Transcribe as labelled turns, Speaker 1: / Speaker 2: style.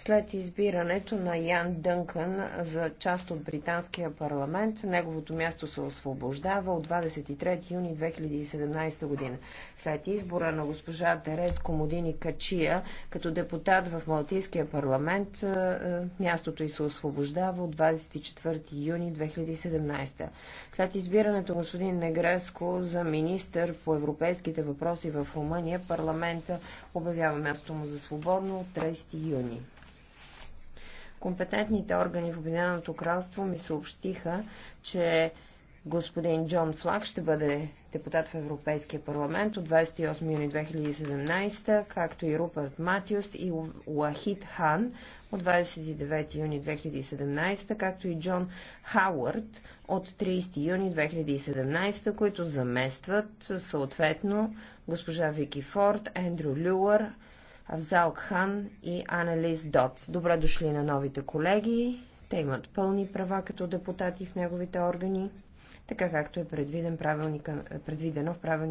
Speaker 1: След избирането на Ян Дънкън за част от британския парламент, неговото място се освобождава от 23 юни 2017 година. След избора на госпожа Терес Комодини Качия като депутат в Малтийския парламент, е, е, мястото й се освобождава от 24 юни 2017. След избирането на господин Негреско за министър по европейските въпроси в Румъния, парламента обявява място му за свободно от 30 юни. Компетентните органи в Обединеното кралство ми съобщиха, че господин Джон Флаг ще бъде депутат в Европейския парламент от 28 юни 2017, както и Рупърт Матиус и Уахид Хан от 29 юни 2017, както и Джон Хауърд от 30 юни 2017, които заместват съответно госпожа Вики Форд, Ендрю Люър, Авзал Хан и Анелис Доц. Добре дошли на новите колеги. Те имат пълни права като депутати в неговите органи, така както е предвиден правилника,
Speaker 2: предвидено в правилника